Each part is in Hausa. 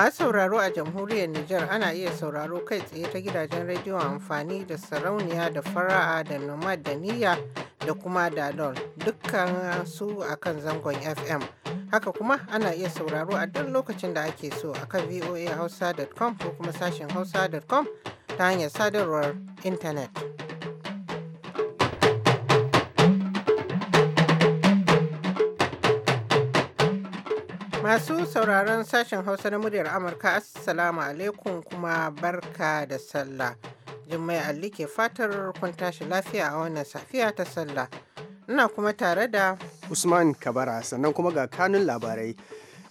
Masu sauraro a jamhuriyar Nijar ana iya sauraro kai tsaye ta gidajen rediyo amfani da sarauniya da fara'a da nomad da niyya da kuma dalol dukkan su akan zangon FM. Haka kuma ana iya sauraro a duk lokacin da ake so akan voahausa.com ko kuma sashen hausa.com ta hanyar sadarwar intanet. Masu sauraron sashen Hausa na muryar Amurka, Assalamu alaikum kuma barka da sallah. Jummai alli ke fatar kun tashi lafiya a wannan safiya ta sallah. Ina kuma tare da Usman Kabara sannan kuma ga kanun labarai.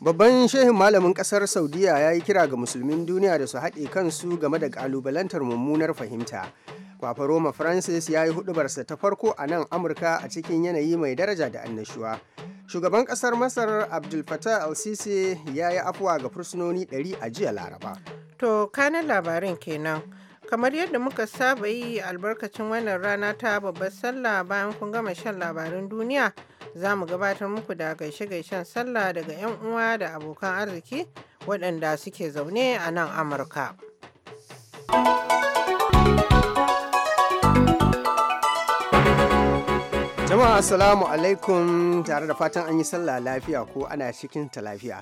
Babban shehin malamin kasar Saudiya ya yi kira ga musulmin duniya da su haɗe kansu game da ƙalubalantar mummunar fahimta. kwafa Roma Francis ya yi hudubarsa ta farko a nan Amurka a cikin yanayi mai daraja da annashuwa. Shugaban kasar Masar Abdul Fattah al-Sisi ya yi afuwa ga fursunoni 100 a jiya Laraba. To, kanan labarin kenan. Kamar yadda muka saba yi albarkacin wannan rana ta babbar sallah bayan kun gama shan labarin duniya, za mu gabatar muku da gaishe-gaishen sallah daga 'yan uwa da abokan arziki waɗanda suke zaune a nan Amurka. Jama'a Assalamu alaikum tare da fatan an yi sallah lafiya ko ana cikin ta lafiya.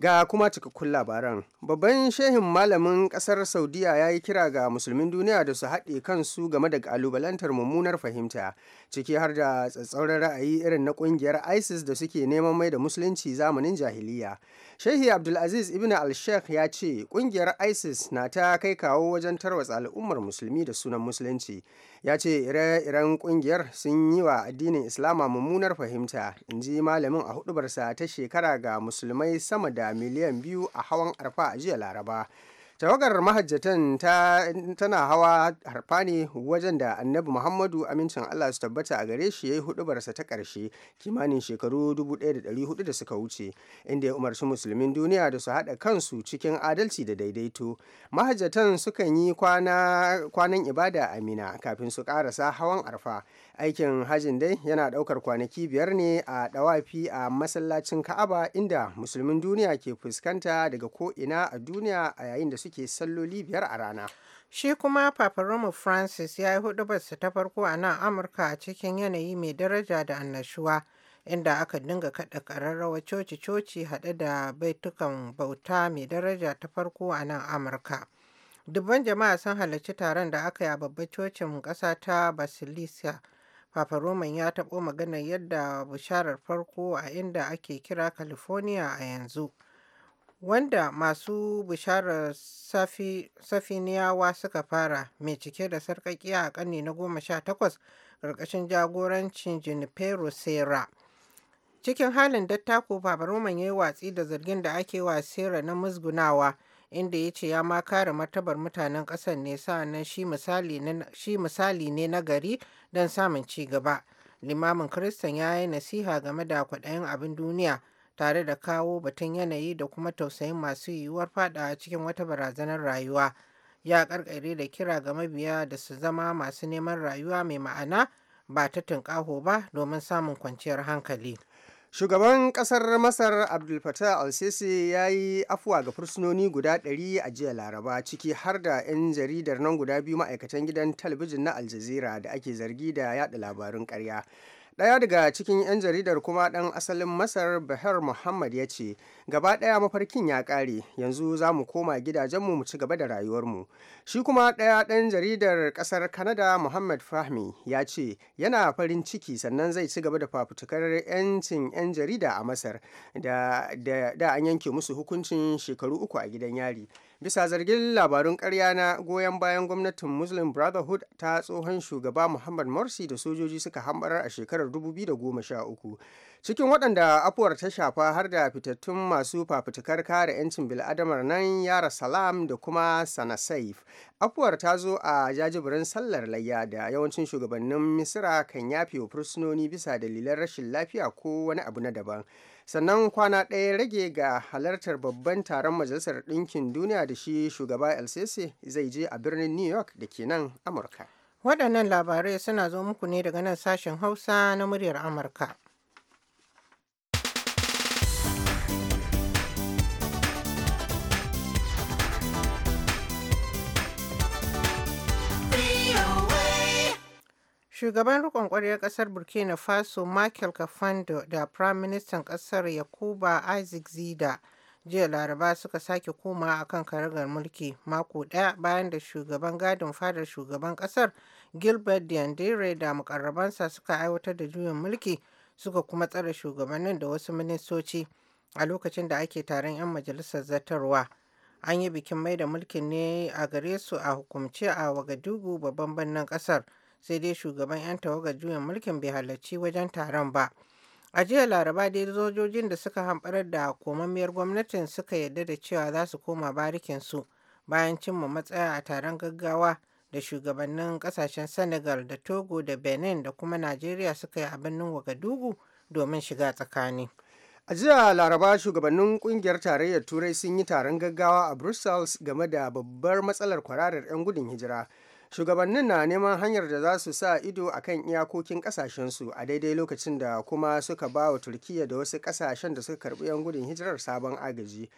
Ga kuma cikakkun labaran, babban shehin malamin kasar Saudiya ya yi kira ga musulmin duniya da su haɗe kansu game da ƙalubalantar mummunar fahimta, ciki har da tsatsauran ra'ayi irin na ƙungiyar ISIS da suke neman mai da musulunci zamanin jahiliya. Shehi Abdulaziz Ibn al-Sheikh ya ce kungiyar ISIS na ta kai kawo wajen tarwatsa al'ummar musulmi da sunan musulunci. Ya ce ire-iren kungiyar sun yi wa addinin Islama mummunar fahimta, in ji malamin a hudubarsa ta shekara ga musulmai sama da miliyan biyu a hawan arfa a jiya Laraba. tawagar mahajjatan tana hawa harfa ne wajen da annabi muhammadu amincin allah su tabbata a gare shi ya yi hudubarsa ta karshe kimanin shekaru 1400 da suka wuce inda ya umarci musulmin duniya da su haɗa kansu cikin adalci da daidaito mahajjatan sukan yi kwanan ibada a mina kafin su ƙarasa hawan arfa aikin hajin dai yana ɗaukar kwanaki biyar ne a ɗawafi a masallacin ka'aba inda musulmin duniya ke fuskanta daga ko'ina a duniya a yayin da suke salloli biyar a rana shi kuma papa roma francis ya yi hudu basu ta farko a nan amurka a cikin yanayi mai daraja da annashuwa inda aka dinga kaɗa ƙararrawa coci-coci haɗe da baitukan bauta mai daraja ta farko a nan amurka dubban jama'a sun halarci taron da aka yi a babbar cocin ƙasa ta basilisa Papa Roman ya taɓo magana yadda bisharar farko a inda ake kira California a yanzu. Wanda masu bisharar safiniyawa suka fara mai cike da sarƙaƙiya a ƙarni na goma sha takwas ƙarƙashin jagorancin Junipero Serra. Cikin halin dattako, Papa Roman ya yi watsi da zargin da ake wa Serra na musgunawa inda ya ce ya ma kare martabar mutanen kasar ne sa'annan shi misali ne na gari don samun ci gaba. Limamin Kiristan ya yi nasiha game da kwaɗayin abin duniya tare da kawo batun yanayi da kuma tausayin masu yiwuwar fada cikin wata barazanar rayuwa. Ya ƙarƙare da kira ga mabiya da su zama masu neman rayuwa mai ma'ana ba ta tunƙaho ba domin samun kwanciyar hankali. Shugaban kasar Masar Abdul Fattah al-Sisi ya yi afuwa ga fursunoni guda ɗari a jiya Laraba ciki har da 'yan jaridar nan guda biyu ma'aikatan gidan talabijin na Al Jazeera da ake zargi da yada labarun ƙarya. Ɗaya daga cikin 'yan jaridar kuma ɗan asalin Masar Bahar Muhammad ya ce, Gaba ɗaya mafarkin ya ƙare, yanzu za mu koma gidajenmu mu ci gaba da rayuwarmu. Shi kuma ɗaya ɗan jaridar ƙasar Canada Muhammad Fahmi ya ce yana farin ciki sannan zai ci gaba da fafutukar 'yancin 'yan jarida a Masar da, an yanke musu hukuncin shekaru uku a gidan yari. bisa zargin labarun karya na goyon bayan gwamnatin muslim brotherhood ta tsohon shugaba muhammad morsi da sojoji suka hambarar a shekarar 2013 cikin waɗanda afuwar ta shafa har da fitattun masu fafutukar kare 'yancin bil'adamar nan yara salam da kuma sana saif afuwar ta zo a jajibirin sallar layya da yawancin shugabannin misira kan yafe wa fursunoni bisa dalilan rashin lafiya ko wani abu na daban sannan kwana ɗaya rage ga halartar babban taron majalisar ɗinkin duniya da shi shugaba lcc zai je a birnin new york da ke nan amurka waɗannan labarai suna zo muku ne daga nan sashen hausa na muryar amurka Shugaban rikon ƙwaryar ƙasar Burkina Faso Michael Kafando da minister ƙasar Yakuba Isaac Zida jiya Laraba suka sake koma a kan karagar mulki mako ɗaya bayan da shugaban gadin fadar shugaban ƙasar Gilbert Diandere da mukarrabansa suka aiwatar da juyin mulki suka kuma tsare shugabannin da wasu ministoci a lokacin da ake taron 'yan majalisar zartarwa. An yi bikin mai da mulkin ne a gare su a hukumce a Wagadugu babban birnin ƙasar. sai dai shugaban 'yan tawagar juyin mulkin bai halarci wajen taron ba a jiya laraba dai sojojin da suka hamɓarar da komammiyar gwamnatin suka yarda da cewa za su koma barikin su bayan cimma matsaya a taron gaggawa da shugabannin kasashen senegal da togo da benin da kuma najeriya suka yi a birnin wagadugu domin shiga tsakani a jiya laraba shugabannin kungiyar tarayyar turai sun yi taron gaggawa a brussels game da babbar matsalar kwararar 'yan gudun hijira shugabannin na neman hanyar da za su sa ido a kan iyakokin kasashensu a daidai lokacin da kuma suka ba wa turkiya da wasu kasashen da suka karbi 'yan gudun hijirar sabon agaji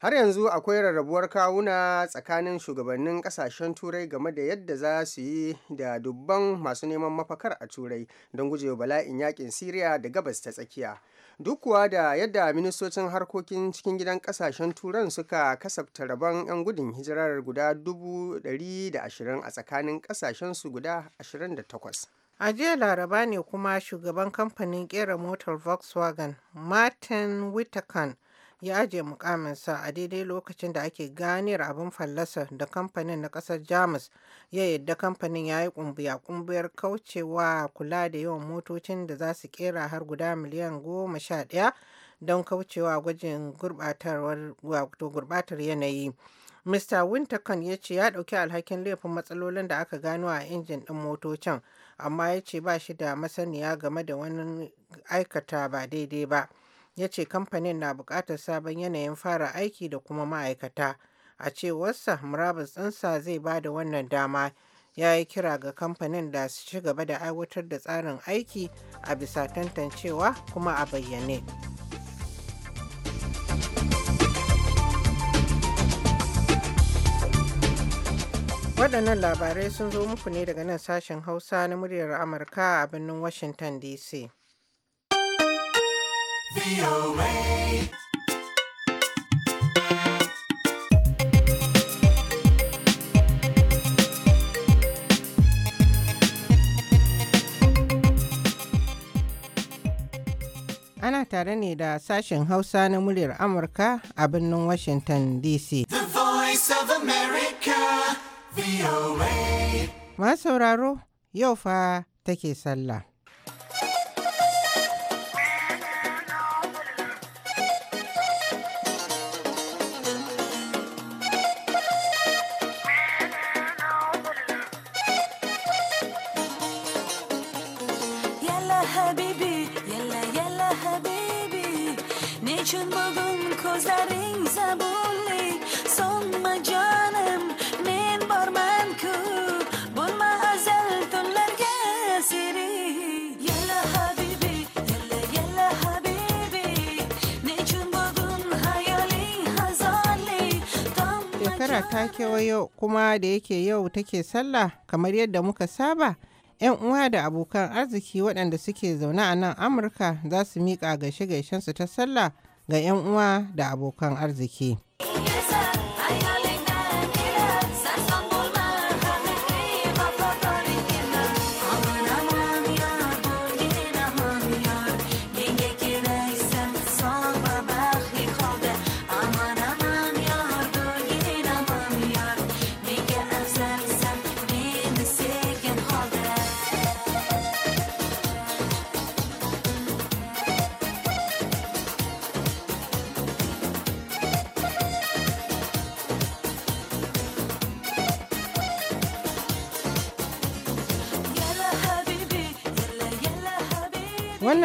har yanzu akwai rarrabuwar kawuna tsakanin shugabannin kasashen turai game da yadda za su yi da dubban masu neman mafakar a turai don gujewa bala'in yakin siriya da gabas ta tsakiya duk kuwa da yadda ministocin harkokin cikin gidan kasashen turan suka kasafta rabon 'yan gudun hijirar guda 120 a tsakanin kasashen su guda 28 a jiya laraba ne kuma shugaban kamfanin kera motar volkswagen martin wittekan ya ajiye mukaminsa a daidai lokacin da ake ganiyar abin fallasa da kamfanin na kasar jamus ya yadda kamfanin ya yi kumbiya kumbiyar kaucewa kula da yawan motocin da za su kera har guda miliyan goma sha ɗaya don kaucewa gwajin gurbatar yanayi mr wintercon ya ce ya ɗauki alhakin laifin matsalolin da aka gano a injin ɗin motocin amma ya ce ba shi da masaniya game da wani aikata ba daidai ba. ya ce kamfanin na bukatar sabon yanayin fara aiki da kuma ma'aikata a cewarsa murabus ɗinsa zai ba da wannan dama ya yi kira ga kamfanin da su ci gaba da aiwatar da tsarin aiki a bisa tantancewa kuma a bayyane. waɗannan labarai sun zo muku ne daga nan sashen hausa na muryar amurka a birnin washington dc Ana tare ne da sashen Hausa na muryar Amurka a birnin Washington DC. The America, VOA. sauraro, yau fa take sallah. shekara ta kewayo kuma da yake yau take sallah kamar yadda muka saba 'yan uwa da abokan arziki waɗanda suke zaune a nan amurka za su miƙa gaishe su ta sallah ga 'yan uwa da abokan arziki.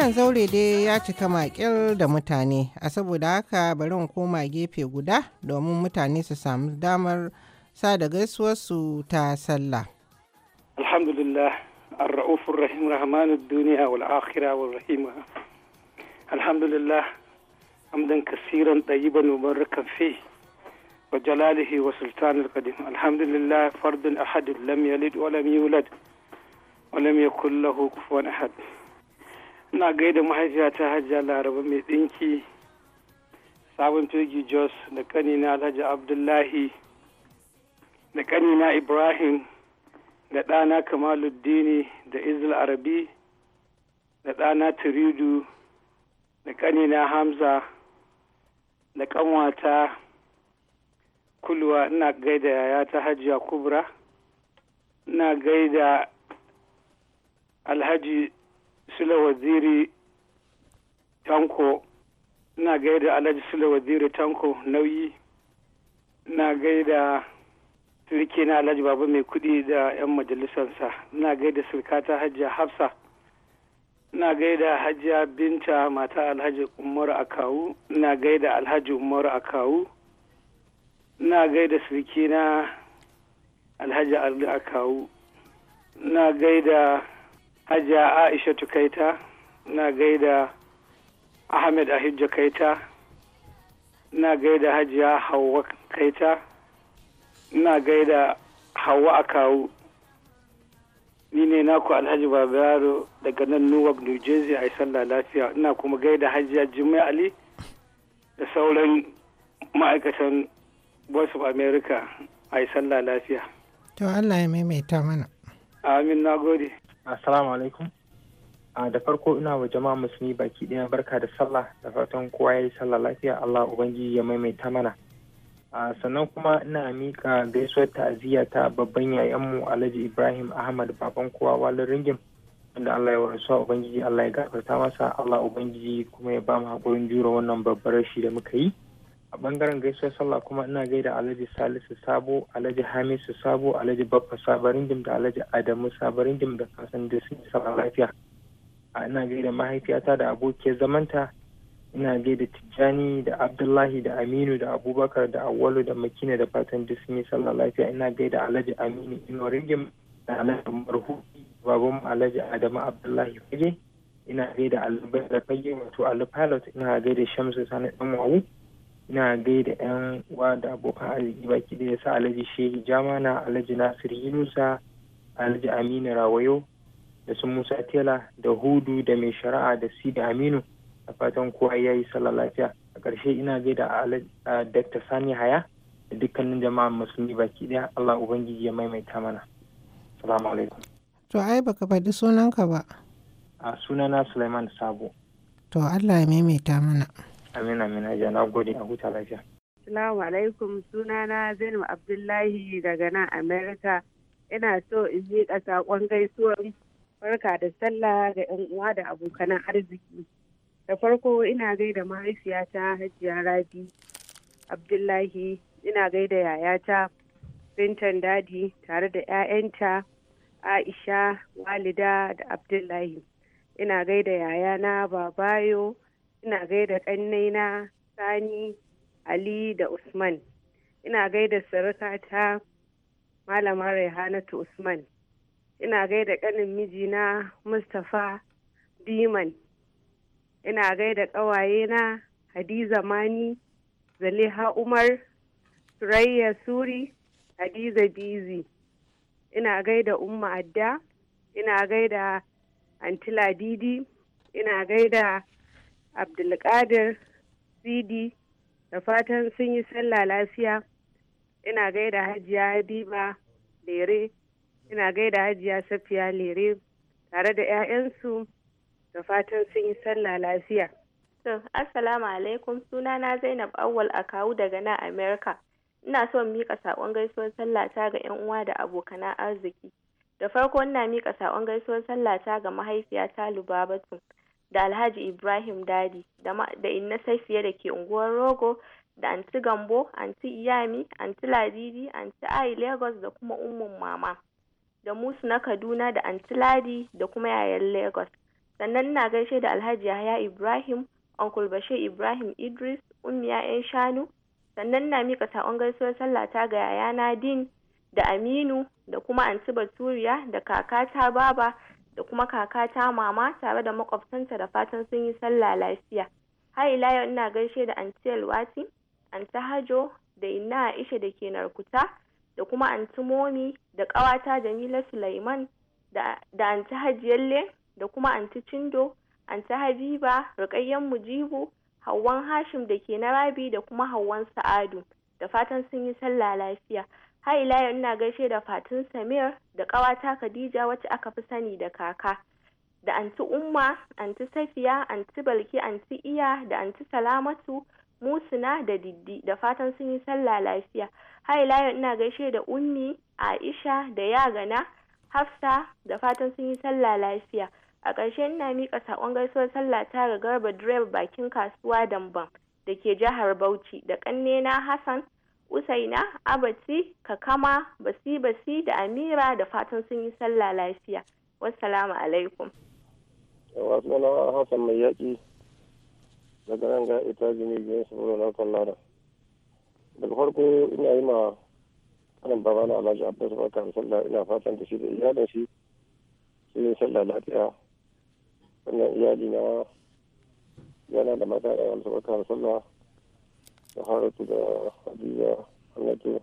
wannan zaure dai ya cika makil da mutane a saboda haka bari in koma gefe guda domin mutane su samu damar sada gaisuwarsu ta sallah alhamdulillah ar-ra'ufur rahim rahmanud duniya wal akhira wal rahima alhamdulillah amdan kasiran tayyiban mubarakan fi wa jalalihi wa sultanul qadim alhamdulillah fardun ahad lam yalid wa lam yulad wa lam yakul lahu kufuwan ahad ina gaida ta hajja laraba mai ɗinki sabon turgi jos da kanina alhaji abdullahi da kanina ibrahim da ɗana kamaluddini da izil arabi da ɗana turidu da kanina hamza da kanwata kulwa ina gaida yaya ta hajiya kubra ina gaida alhaji sule waziri tanko ina gaida alhaji sule waziri tanko nauyi ina gaida sirki na alhaji Babu mai kudi da 'yan majalisansa, ina gaida sirkata Hajiya hafsa ina gaida Hajiya binta mata alhaji umar akawu ina gaida alhaji umar akawu ina gaida sirki na alhaji ardu akawu ina gaida hajiya aisha kaita na gaida ahmed ahijja kaita na gaida hajiya hauwa kaita na gaida hauwa akawu ni ne naku alhaji babaro daga nan newark new jersey a isan lafiya ina kuma gaida hajiya jimai ali da sauran ma'aikatan voice of america a isan lafiya to allah ya maimaita mana amin na gode Assalamu alaikum. A da farko ina wa jama'a musulmi baki ɗaya barka da sallah da fatan kowa ya yi sallah lafiya Allah Ubangiji ya maimaita mana. sannan kuma ina mika gaisuwar ta'aziyya ta babban yayanmu Alhaji Ibrahim Ahmad baban kowa walin ringin wanda Allah ya warasuwa Ubangiji Allah ya gafarta masa Allah Ubangiji kuma ya ba mu haƙurin jura wannan babbar rashi da muka yi. a bangaren gaisuwar sallah kuma ina gaida alhaji salisu sabo alhaji hamisu sabo alhaji baffa sabarin dim da alhaji adamu sabarin dim da kasan da sun sallah lafiya ina gaida mahaifiyata da abokiyar zamanta ina gaida tijjani da abdullahi da aminu da abubakar da awwalu da makina da fatan da sun yi sallah lafiya ina gaida alhaji aminu ino rigim da alhaji marhu baban alhaji adamu abdullahi fage ina gaida alhaji fage wato alhaji pilot ina gaida shamsu sani dan wawu ina gaida yan uwa da abokan arziki baki da yasa alhaji shehi jamana alhaji nasir yunusa alhaji aminu rawayo da su musa tela da hudu da mai shari'a da si da aminu a fatan kowa ya yi sallah lafiya a ƙarshe ina gaida dakta sani haya da dukkanin jama'a musulmi baki daya allah ubangiji ya maimaita mana salamu alaikum to ai baka faɗi sunanka ba a sunana suleiman sabo to allah ya maimaita mana amin amin aja na gode a huta lafiya Assalamu alaikum sunana Zainab Abdullahi daga nan Amerika. Ina so in miƙa saƙon gaisuwar farka da sallah ga 'yan uwa da abokan arziki. Da farko ina gaida mahaifiyata Hajiya Rabi Abdullahi, ina gaida yayata Bintan Dadi tare da 'ya'yanta Aisha, Walida da Abdullahi. Ina gaida yayana Babayo ina gaida ƙannaina sani ali da usman ina gaida ta malama raihanatu usman ina gaida ƙanin mijina mustapha diman ina gaida ƙawayena hadiza mani zaliha umar Turaiya, suri hadiza bizi ina gaida umma adda ina gaida antila didi ina gaida abdulkadir sidi da fatan sun yi sallah lafiya ina gaida hajiya habiba lere ina gaida hajiya safiya lere tare da 'ya'yansu da fatan sun yi sallah lafiya to assalamu alaikum sunana zainab awwal akawu daga na Amerika. ina so miƙa saƙon gaisuwar sallata ga 'yan uwa da abokana arziki da farko ina miƙa saƙon gaisuwar sallata ga mahaifiyata lubabatu da Alhaji Ibrahim Dadi da Inna Safiya da ke unguwar Rogo da Anti Gambo, Anti Iyami, Anti Ladidi, Anti Ai Lagos da kuma Ummun Mama. Da Musu na Kaduna da Anti Ladi da kuma yayan Lagos. Sannan ina gaishe da Alhaji Yahaya Ibrahim, Uncle Bashir Ibrahim Idris, Ummiya 'yan shanu. Sannan na mika saƙon gaisuwar sallata ga yayana Din da Aminu da kuma Anti Baturiya da kakata Baba. da kuma kakata mama tare da makwabtanta da fatan sun yi sallah lafiya har ila yau ina gaishe da anti Alwati anti Hajo da inna Aisha da ke Narkuta da kuma anti Momi da ƙawata Jamila Sulaiman da anti Hajiyalle da kuma anti Cindo anti Habiba Rukayyan Mujibu Hawwan Hashim da ke Rabi, da kuma Hawwan Sa'adu da fatan sun yi sallah lafiya har ila yau ina gaishe da fatun samir da kawata khadija wacce aka fi sani da kaka da anti umma anti safiya anti balki anti iya da anti salamatu musina da diddi da fatan sun yi sallah lafiya har ila yau ina gaishe da unni aisha da yagana hafsa da fatan sun yi sallah lafiya a ƙarshe ina miƙa saƙon gaisuwar sallah ta ga garba direba bakin kasuwa damban da ke jihar bauchi da ƙannena hassan Usaina, Abati, Kakama, Basi Basi da Amira da fatan sun yi sallah lafiya. Wassalamu alaikum. Wasu Hassan mai yaƙi daga nan ga ita jini biyan su na kallara. Daga farko ina yi ma kanan baba na Alhaji Abbas barka sallah ina fatan da shi da iyalin shi su yi sallah lafiya. Wannan iyali na yana da mata da yanzu barka sallah. da haratu da hadiza hannatu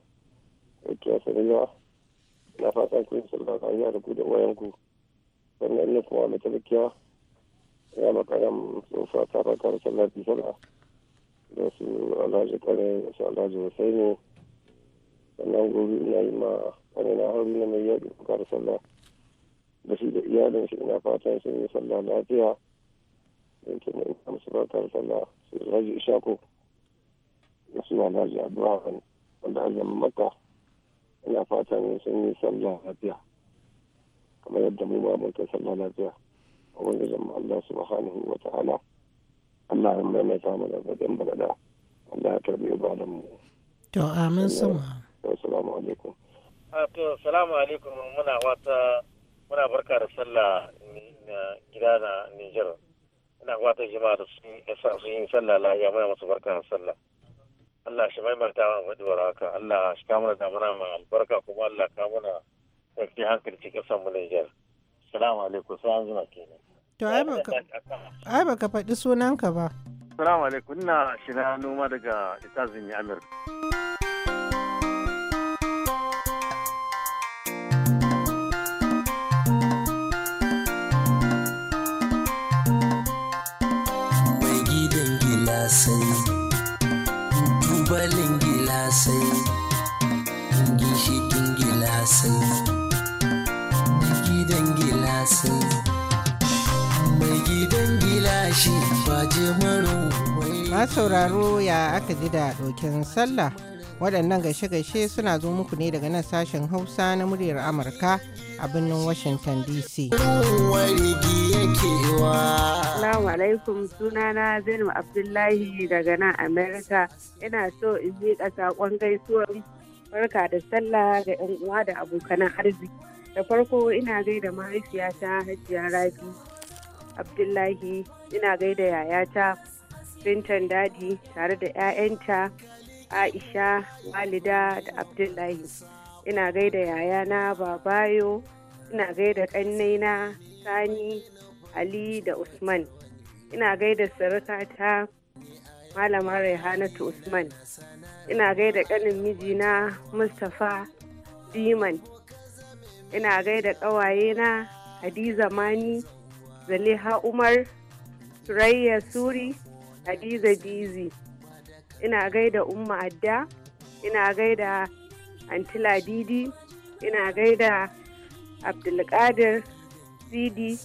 da kiya na fatan kun sulka ku da wayanku sannan ina kuma mai talakiya ya makaram tsofa ta fakar sallar sallah da su alhaji kare da su alhaji sannan gobe ina yi ma kare na hauri na mai yadda fakar sallah da shi da iyalin shi ina fatan sun yi sallah lafiya da ke musu sallah su alhaji da suna alhaji abdulrahman wanda a zama maka ina fatan sun yi sallah lafiya kamar yadda mu ma mun kai sallah lafiya wanda zama allah subhanahu wa ta'ala allah ya maimaita mana bakin bagada allah ya karbi ibadan mu to amin sama assalamu alaikum ah, to salamu alaikum muna wata muna barka da sallah gida na Nijar. Ina wata jama'a da sun yi sallah lafiya muna masu barka da sallah. Allah shi maimaita wa maduwar haka Allah shi kamar da mana mai albarka kuma Allah ka mana ɗauki hankali cikin san mu Niger. Salamu alaikum sai an zuma kenan. To ai baka faɗi sunanka ba. Salamu alaikum ina na noma daga Itazin Amir. Mai gidan gila balin gilasai ginshikin gilasai gidan gilasai mai gidan gilashi ba jimarin ma sauraro ya aka ji da ɗokin sallah waɗannan gaishe-gaishe suna zo muku ne daga nan sashen hausa na muryar amurka a birnin washington dc Assalamu alaikum sunana Zainab Abdullahi daga nan Amerika ina so in miƙa saƙon gaisuwar farka da sallah ga 'yan uwa da abokan arziki da farko ina gaida mahaifiyata hajiya rabi abdullahi ina gaida yayata bintan dadi tare da 'ya'yanta aisha walida da abdullahi ina gaida yayana babayo ina gaida ƙannaina sani ali da usman ina gaida malamar malama raihanatu usman ina gaida ƙanin mijina mustapha diman ina gaida ƙawayena hadiza mani zaliha umar surayya suri hadiza dizi ina gaida umma adda ina gaida antila didi ina gaida abdulkadir sidi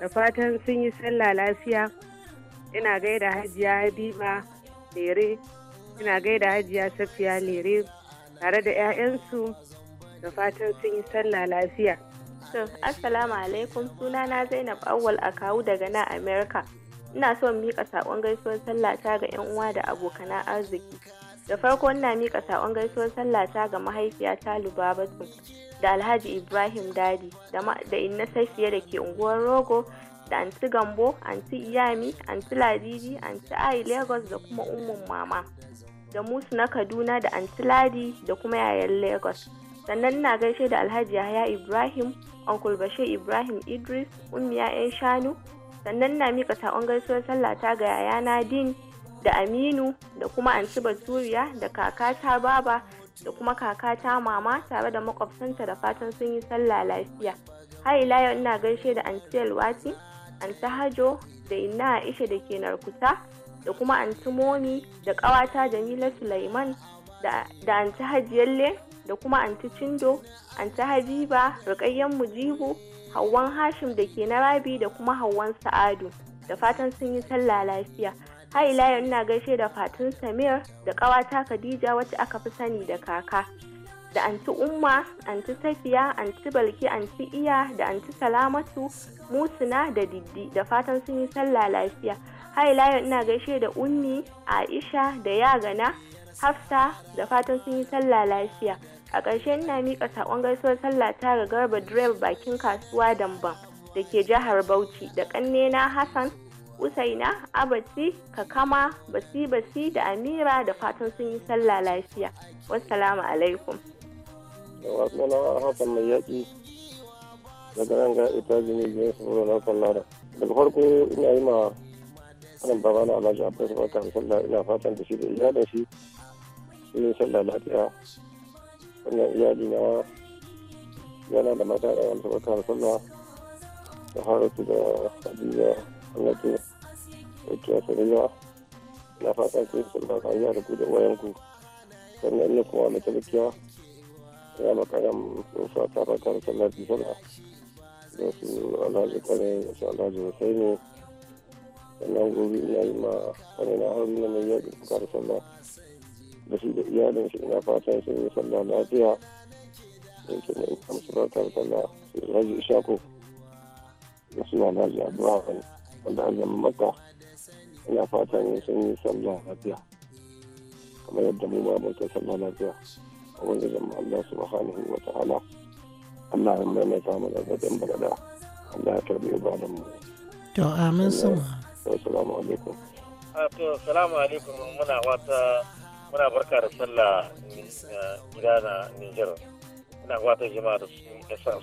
da fatan sun yi sallah lafiya ina gaida hajiya habiba lere ina gaida hajiya safiya lere tare da 'ya'yansu da fatan sun yi sallah lafiya. Assalamu alaikum sunana Zainab Awwal a kawu daga na Amerika. ina so mika saƙon gaisuwar sallata ga 'yan uwa da abokana arziki da farko ina mika saƙon gaisuwar sallata ga mahaifiya ta lubabatu da alhaji ibrahim dadi da inna safiya da ke unguwar rogo da anti gambo anti iyami anti ladidi anti ai lagos da kuma ummun mama da musu na kaduna da anti ladi da kuma yayan lagos sannan ina gaishe da alhaji yahaya ibrahim uncle bashir ibrahim idris ummiya yan shanu sannan na mika saƙon gaisuwar sallata ga yayana din da aminu da kuma anti baturiya da kakata baba da kuma kakata mama tare da makwabtanta da fatan sun yi sallah lafiya har ila yau ina gaishe da anti alwati anti hajo da inna aisha da ke narkuta da kuma anti momi da ƙawata jamila sulaiman da anti hajiyalle da kuma anti cindo anti habiba rukayyen mujibu Hauwan Hashim da ke na Rabi da kuma Hauwan Sa'adu. Da fatan sun yi sallah lafiya. Har ila yau ina gaishe da Fatun Samir da ƙawata Khadija wacce aka fi sani da kaka. Da anti Umma, anti Safiya, anti Balki, anti Iya da anti Salamatu, Musuna da Diddi da fatan sun yi sallah lafiya. Har ila yau ina gaishe da Ummi, Aisha da Yagana, Hafsa da fatan sun yi sallah lafiya. a ƙarshe ina miƙa saƙon gaisuwar sallah ta ga garba direba bakin kasuwa damban da ke jihar bauchi da ƙannena hassan usaina abaci kakama basi basi da amira da fatan sun yi sallah lafiya wassalamu alaikum wasu mai yaƙi daga nan ga ita jini jini su na sallara daga farko ina yi ma kanan baba na alhaji da barka da sallah ina fatan da shi da da shi su yi sallah lafiya sannan iyali na yana da mata da wani sabata da sallah da haratu da hadiza Allah ke ɗauki wasu rayuwa na fata ke sallah yi da ku sannan ina kuma na tabbakiya ya makaram ta fata da sallah da sallah da su alhaji kare da su alhaji husaini sannan gobe ina yi ma kare na hauri na mai yaƙi kuka da sallah da shi da iyalin shi ina fatan sun yi sallah lafiya yake da ita musu barkar sallah su raji ishako da su yana ji abuwa wanda an zama maka ina fatan sun yi sallah lafiya kamar yadda mu ma muka sallah lafiya a wani zama Allah su subhanahu wa ta'ala Allah ya mai mai samun zaɓen bagada Allah ya karɓi ibadan mu. To amin sama. Assalamu alaikum. To alaikum muna wata muna barka da sallah eh, gida na Nijar. Ina wata jama'a da su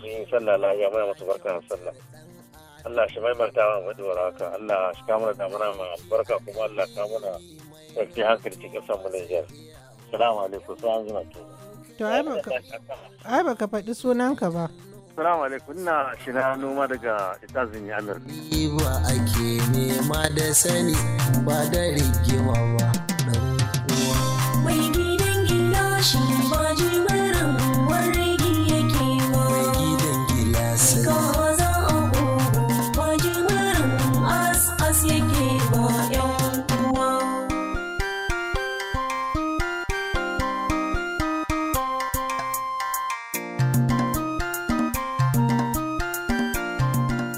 yi sallah lafiya muna masu barka da sallah. Allah shi mai marta wa mai dora haka Allah shi kamuna da muna ma barka kuma Allah kamuna ɗauki hankali cikin san mu Nijar. Salamu alaikum sai an zuna to. To ai baka faɗi sunanka ba. Salamu alaikum ina shina noma daga Itazin Yamir. Ba ake nema da sani ba da rigima ba.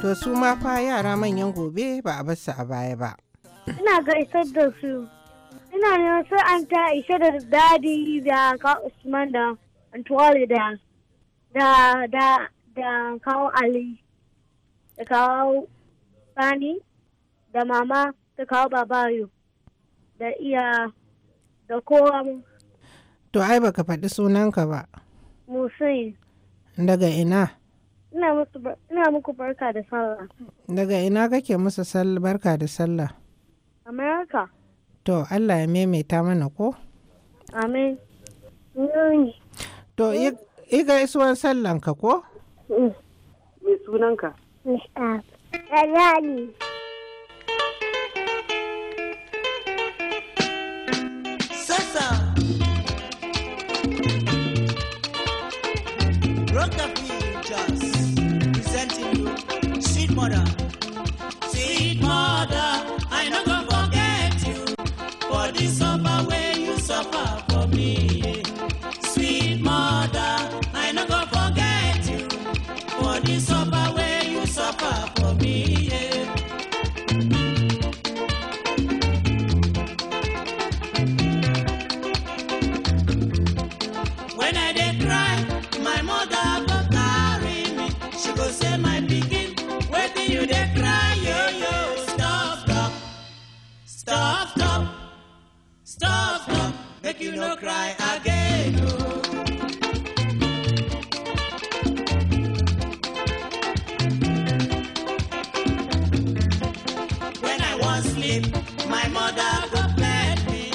To su ma fa yara manyan gobe ba a basu a baya ba. Ina ga isar da su. Ina ne sai an ta isa da dadi da ka Usman da Antuwali da da da da kawo Ali da kawo Sani da mama da kawo Babayo da iya da kowa. To ai baka faɗi sunanka ba. Musin. Daga ina? Ina muku barka da sallah. Daga ina kake musu barka da sallah? Amerika. To Allah ya maimaita mana ko? Amin. To i isuwan sallanka ko? Mai mm. sunanka? Alali. sassa. Rock sleep. My mother go bed me.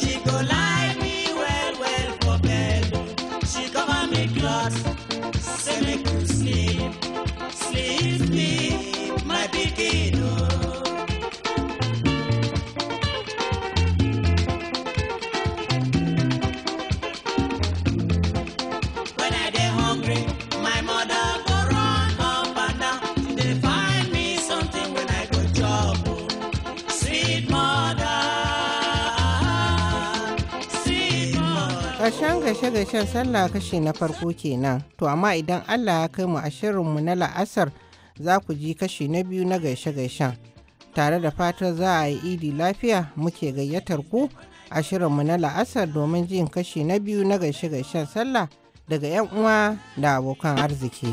She go lie me well, well for bed. She cover me clothes, say me you sleep. Sleep me, my begin. gashe-gashen sallah kashi na farko kenan to amma idan allah ya kai mu a shirinmu na la'asar za ku ji kashi na biyu na gaishe-gaishen tare da fatar za a yi idi lafiya muke gayyatar ku a shirinmu na la'asar domin jin kashi na biyu na gaishe-gaishen sallah daga 'yan uwa da abokan arziki.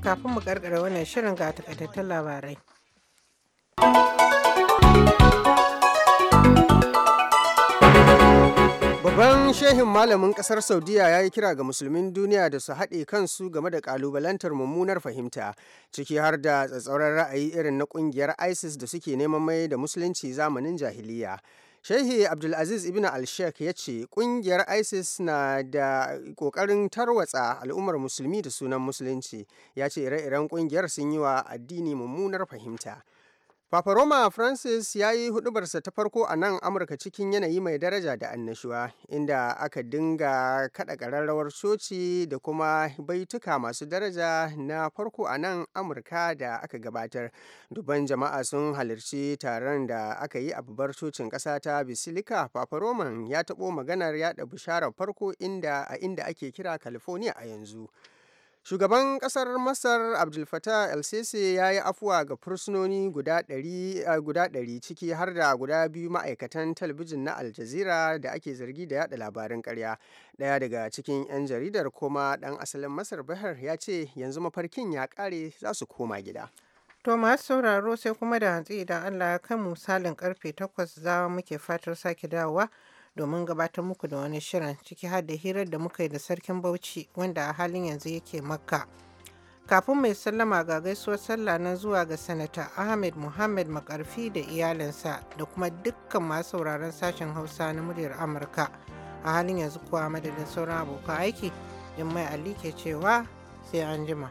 kafin mu karkara wannan shirin ga takaitattun labarai. Babban shehin malamin kasar Saudiya ya yi kira ga musulmin duniya da su haɗe kansu game da ƙalubalantar mummunar fahimta, ciki har da tsatsauran ra'ayi irin na ƙungiyar ISIS da suke neman mai da musulunci zamanin jahiliya. Shehi Abdulaziz Ibn Al-Sheikh ya ce ƙungiyar ISIS na da ƙoƙarin tarwatsa al'ummar musulmi da sunan musulunci, ya ce ire-iren ƙungiyar sun yi wa addini mummunar fahimta. Papa Roma Francis ya yi hudubarsa ta farko a nan Amurka cikin yanayi mai daraja da annashuwa, inda aka dinga kada ƙararrawar coci da kuma baituka masu daraja na farko a nan Amurka da aka gabatar. Duban jama'a sun halarci taron da aka yi a babbar cocin ƙasa ta bisilika Papa Roman ya taɓo maganar yaɗa bisharar farko inda a inda ake kira California a yanzu. Shugaban ƙasar Masar abdul Fattah el-Sisi ya yi afuwa ga fursunoni eh, guda ɗari ciki har da guda biyu ma'aikatan talabijin na Al Jazeera da ake zargi da yaɗa labarin ƙarya. Ɗaya daga cikin 'yan jaridar kuma ɗan asalin Masar Bahar ya ce yanzu mafarkin ya ƙare za su koma gida. To masu sauraro sai kuma da hantsi idan Allah ya kai misalin karfe takwas za muke fatar sake dawowa. domin gabatar muku da wani shirin ciki har da hirar da muka yi da sarkin Bauchi wanda a halin yanzu yake Makka. Kafin mai sallama ga gaisuwar sallah na zuwa ga Sanata Ahmed Muhammad Makarfi da iyalinsa da kuma dukkan masu sauraron sashen Hausa na muryar Amurka. A halin yanzu kuwa madadin sauran abokan aiki, Jummai Ali ke cewa sai an jima.